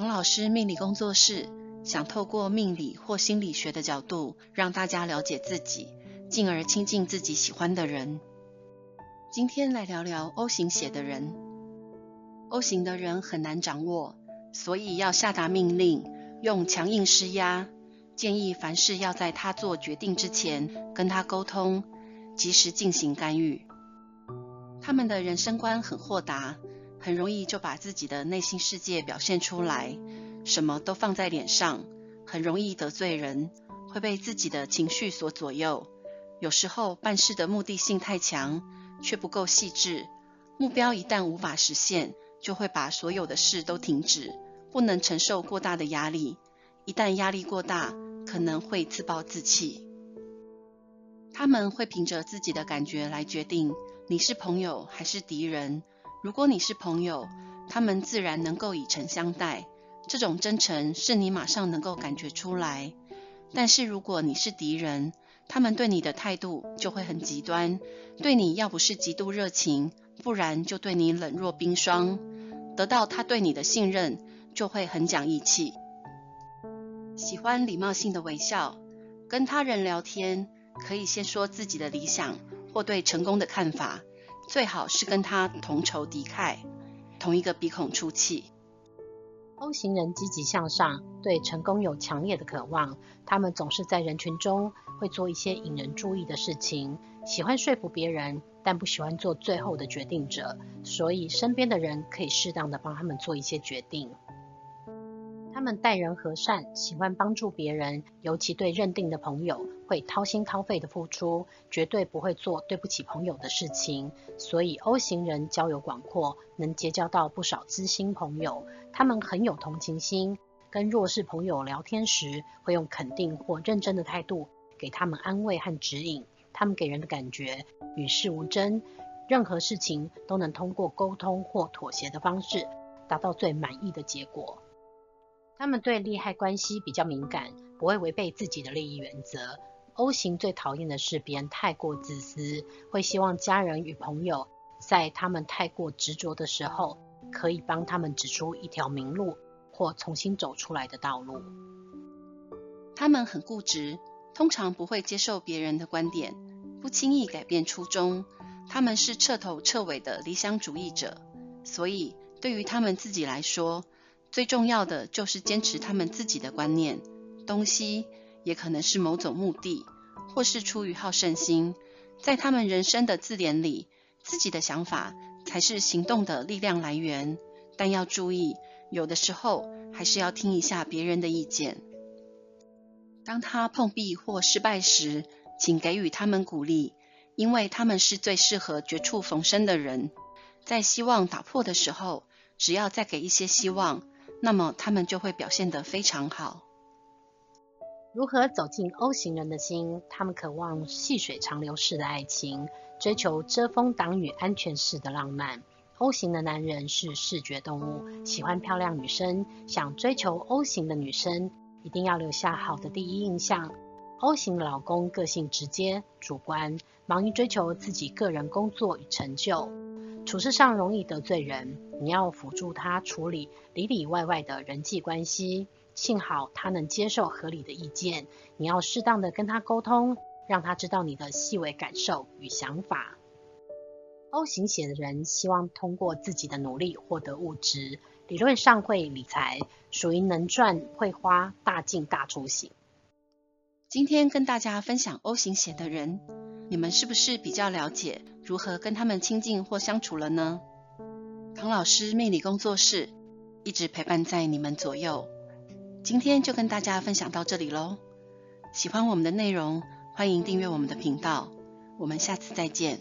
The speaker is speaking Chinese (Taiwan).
唐老師命理工作室想透過命理或心理學的角度，讓大家了解自己，進而親近自己喜歡的人。今天來聊聊 O 型血的人。O 型的人很難掌握，所以要下達命令，用強硬施壓。建議凡事要在他做決定之前跟他溝通，及時進行干預。他們的人生觀很豁達。很容易就把自己的內心世界表現出來，什麼都放在臉上，很容易得罪人，會被自己的情緒所左右。有時候辦事的目的性太強，卻不夠細緻。目標一旦無法實現，就會把所有的事都停止，不能承受過大的壓力。一旦壓力過大，可能會自暴自棄。他們會憑着自己的感覺來決定你是朋友還是敵人。如果你是朋友，他們自然能夠以誠相待，這種真誠是你馬上能夠感覺出來。但是如果你是敵人，他們對你的態度就會很極端，對你要不是極度熱情，不然就對你冷若冰霜。得到他對你的信任，就會很講義氣。喜歡禮貌性的微笑，跟他人聊天，可以先說自己的理想，或對成功的看法。最好是跟他同仇敵愾，同一個鼻孔出氣。O 型人積極向上，對成功有強烈的渴望。他們總是在人群中會做一些引人注意的事情，喜歡說服別人，但不喜歡做最後的決定者。所以身邊的人可以適當的幫他們做一些決定。他們待人和善，喜歡幫助別人，尤其對認定的朋友會掏心掏肺的付出，絕對不會做對不起朋友的事情。所以 O 型人交友廣闊，能結交到不少知心朋友。他們很有同情心，跟弱勢朋友聊天時會用肯定或認真的態度給他們安慰和指引。他們給人的感覺與世無爭，任何事情都能通過溝通或妥協的方式達到最滿意的結果。他們對利害關係比較敏感，不會違背自己的利益原則。O 型最討厭的是別人太過自私，會希望家人與朋友在他們太過執着的時候，可以幫他們指出一條明路，或重新走出來的道路。他們很固執，通常不會接受別人的觀點，不輕易改變初衷。他們是徹頭徹尾的理想主義者，所以對於他們自己來說，最重要的就是堅持他們自己的觀念，東西也可能是某種目的，或是出於好勝心。在他們人生的字典裡，自己的想法才是行動的力量來源。但要注意，有的時候還是要聽一下別人的意見。當他碰壁或失敗時，請給予他們鼓勵，因為他們是最適合絕處逢生的人。在希望打破的時候，只要再給一些希望。那麼他們就會表現得非常好。如何走進 O 型人的心？他們渴望細水長流式的愛情，追求遮風擋雨、安全式的浪漫。O 型的男人是視覺動物，喜歡漂亮女生，想追求 O 型的女生一定要留下好的第一印象。O 型的老公個性直接、主觀，忙於追求自己個人工作與成就。處事上容易得罪人，你要輔助他處理裡裡外外的人際關係。幸好他能接受合理的意見，你要適當的跟他溝通，讓他知道你的細微感受與想法。O 型血的人希望通過自己的努力獲得物質，理論上會理財，屬於能賺會花大進大出型。今天跟大家分享 O 型血的人。你們是不是比較了解如何跟他們親近或相處了呢？唐老師命理工作室一直陪伴在你們左右，今天就跟大家分享到這裡嘍。喜歡我們的內容，歡迎訂閱我們的頻道。我們下次再見。